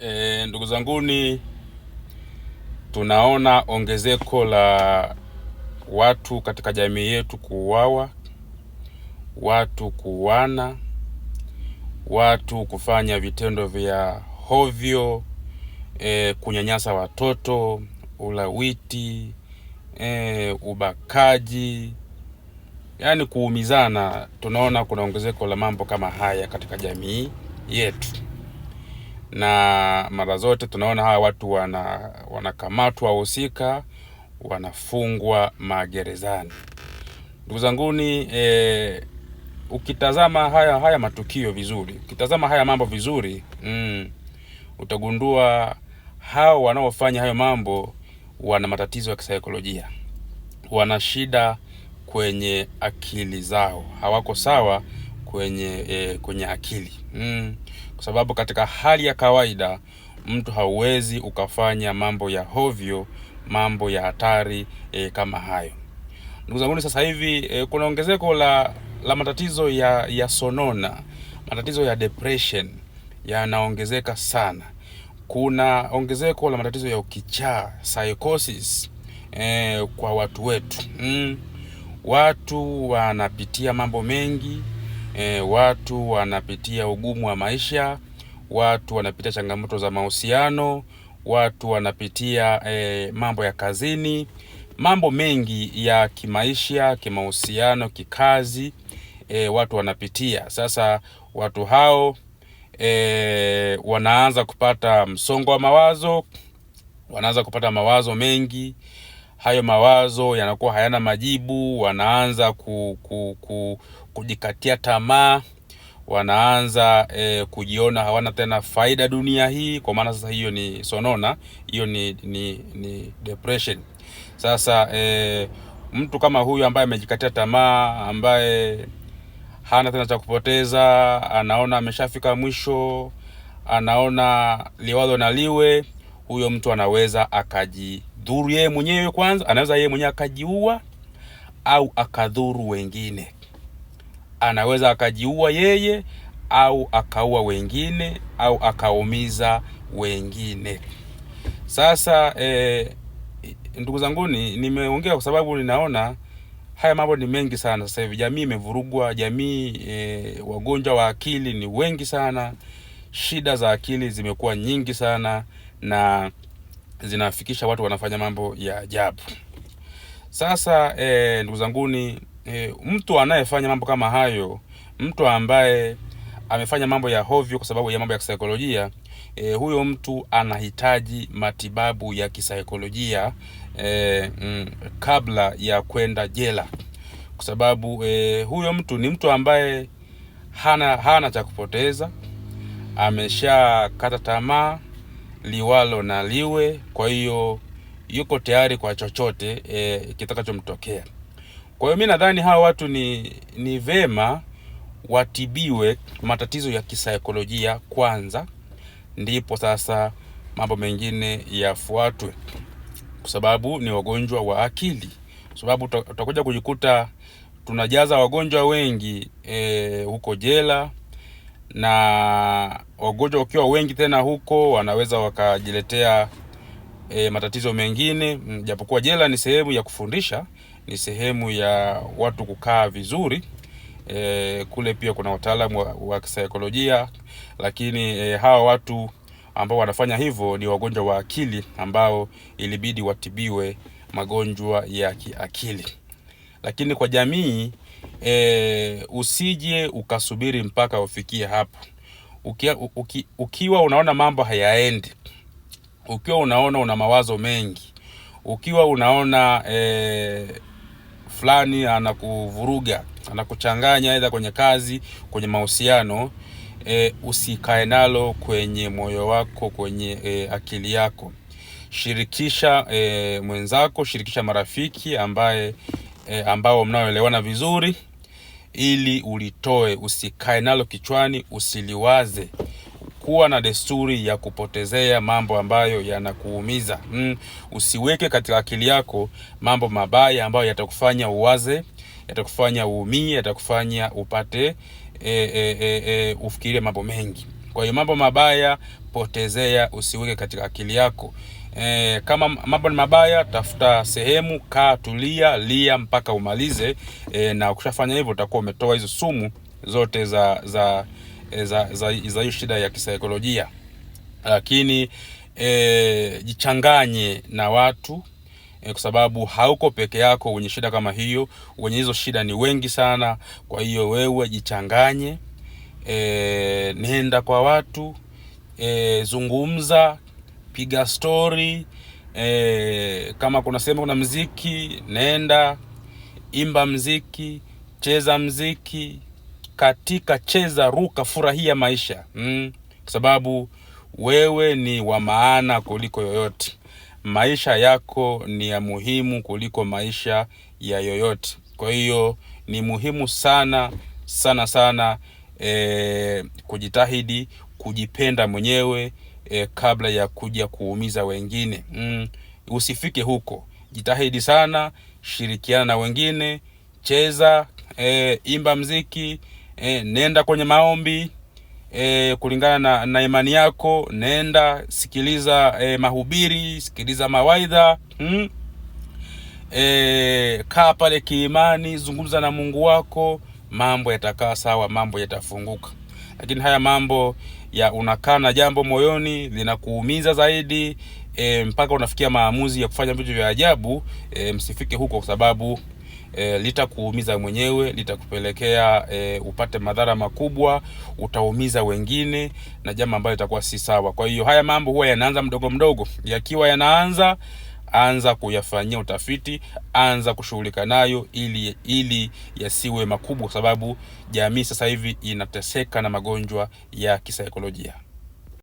E, ndugu zanguni, tunaona ongezeko la watu katika jamii yetu kuuawa, watu kuuana, watu kufanya vitendo vya hovyo e, kunyanyasa watoto, ulawiti e, ubakaji, yaani kuumizana. Tunaona kuna ongezeko la mambo kama haya katika jamii yetu na mara zote tunaona hawa watu wana wanakamatwa wahusika wanafungwa magerezani. Ndugu zanguni, e, ukitazama haya haya matukio vizuri, ukitazama haya mambo vizuri mm, utagundua hao wanaofanya hayo mambo wana matatizo ya kisaikolojia, wana shida kwenye akili zao, hawako sawa kwenye, e, kwenye akili mm. Kwa sababu katika hali ya kawaida mtu hauwezi ukafanya mambo ya hovyo, mambo ya hatari e, kama hayo. Ndugu zangu, sasa hivi e, kuna ongezeko la, la matatizo ya, ya sonona, matatizo ya depression yanaongezeka sana. Kuna ongezeko la matatizo ya ukichaa psychosis e, kwa watu wetu mm. Watu wanapitia mambo mengi e, watu wanapitia ugumu wa maisha, watu wanapitia changamoto za mahusiano, watu wanapitia e, mambo ya kazini, mambo mengi ya kimaisha, kimahusiano, kikazi e, watu wanapitia. Sasa watu hao e, wanaanza kupata msongo wa mawazo, wanaanza kupata mawazo mengi hayo mawazo yanakuwa hayana majibu, wanaanza ku, ku, ku, kujikatia tamaa wanaanza e, kujiona hawana tena faida dunia hii, kwa maana sasa hiyo ni sonona, hiyo ni, ni, ni depression. Sasa e, mtu kama huyu ambaye amejikatia tamaa, ambaye hana tena cha kupoteza, anaona ameshafika mwisho, anaona liwalo na liwe, huyo mtu anaweza akajidhuru yeye mwenyewe kwanza, anaweza yeye mwenyewe akajiua au akadhuru wengine anaweza akajiua yeye au akaua wengine au akaumiza wengine. Sasa eh, ndugu zangu, nimeongea kwa sababu ninaona haya mambo ni mengi sana sasa hivi. Jamii imevurugwa, jamii eh, wagonjwa wa akili ni wengi sana, shida za akili zimekuwa nyingi sana na zinafikisha watu wanafanya mambo ya ajabu. Sasa eh, ndugu zanguni e, mtu anayefanya mambo kama hayo, mtu ambaye amefanya mambo ya hovyo kwa sababu ya mambo ya kisaikolojia e, huyo mtu anahitaji matibabu ya kisaikolojia e, mm, kabla ya kwenda jela kwa sababu e, huyo mtu ni mtu ambaye hana, hana cha kupoteza, ameshakata tamaa liwalo na liwe. Kwa hiyo yuko tayari kwa chochote e, kitakachomtokea. Kwa hiyo mi nadhani hawa watu ni, ni vema watibiwe matatizo ya kisaikolojia kwanza, ndipo sasa mambo mengine yafuatwe, kwa sababu ni wagonjwa wa akili, kwa sababu utakuja kujikuta tunajaza wagonjwa wengi e, huko jela na wagonjwa wakiwa wengi tena huko wanaweza wakajiletea e, matatizo mengine, japokuwa jela ni sehemu ya kufundisha ni sehemu ya watu kukaa vizuri. E, kule pia kuna wataalamu wa, kisaikolojia lakini e, hawa watu ambao wanafanya hivyo ni wagonjwa wa akili ambao ilibidi watibiwe magonjwa ya kiakili. Lakini kwa jamii e, usije ukasubiri mpaka ufikie hapo. Ukia, uki, ukiwa unaona mambo hayaendi, ukiwa unaona una mawazo mengi, ukiwa unaona e, fulani anakuvuruga, anakuchanganya aidha kwenye kazi, kwenye mahusiano e, usikae nalo kwenye moyo wako, kwenye e, akili yako. Shirikisha e, mwenzako, shirikisha marafiki ambaye e, ambao mnaoelewana vizuri, ili ulitoe. Usikae nalo kichwani, usiliwaze kuwa na desturi ya kupotezea mambo ambayo yanakuumiza. Mm, usiweke katika akili yako mambo mabaya ambayo yatakufanya uwaze, yatakufanya uumie, yatakufanya upate e, e, e, e, ufikirie mambo mengi. Kwa hiyo mambo mabaya potezea, usiweke katika akili yako. E, kama mambo ni mabaya, tafuta sehemu, kaa, tulia, lia mpaka umalize. E, na ukishafanya hivyo utakuwa umetoa hizo sumu zote za za Eh, za, za, za hiyo shida ya kisaikolojia, lakini e, jichanganye na watu e, kwa sababu hauko peke yako wenye shida kama hiyo. Wenye hizo shida ni wengi sana, kwa hiyo wewe jichanganye, e, nenda kwa watu e, zungumza, piga stori e, kama kuna sehemu kuna mziki nenda imba mziki, cheza mziki katika cheza, ruka, furahia maisha mm, kwa sababu wewe ni wa maana kuliko yoyote. Maisha yako ni ya muhimu kuliko maisha ya yoyote. Kwa hiyo ni muhimu sana sana sana e, kujitahidi kujipenda mwenyewe e, kabla ya kuja kuumiza wengine mm. Usifike huko, jitahidi sana, shirikiana na wengine, cheza e, imba mziki e, nenda kwenye maombi e, kulingana na, na imani yako. Nenda sikiliza e, mahubiri, sikiliza mawaidha hmm? E, kaa pale kiimani, zungumza na Mungu wako, mambo yatakaa sawa, mambo yatafunguka. Lakini haya mambo ya unakaa na jambo moyoni linakuumiza zaidi e, mpaka unafikia maamuzi ya kufanya vitu vya ajabu e, msifike huko kwa sababu e, litakuumiza mwenyewe, litakupelekea e, upate madhara makubwa, utaumiza wengine na jambo ambalo litakuwa si sawa. Kwa hiyo haya mambo huwa yanaanza mdogo mdogo, yakiwa yanaanza anza kuyafanyia utafiti, anza kushughulika nayo ili ili yasiwe makubwa, kwa sababu jamii sasa hivi inateseka na magonjwa ya kisaikolojia.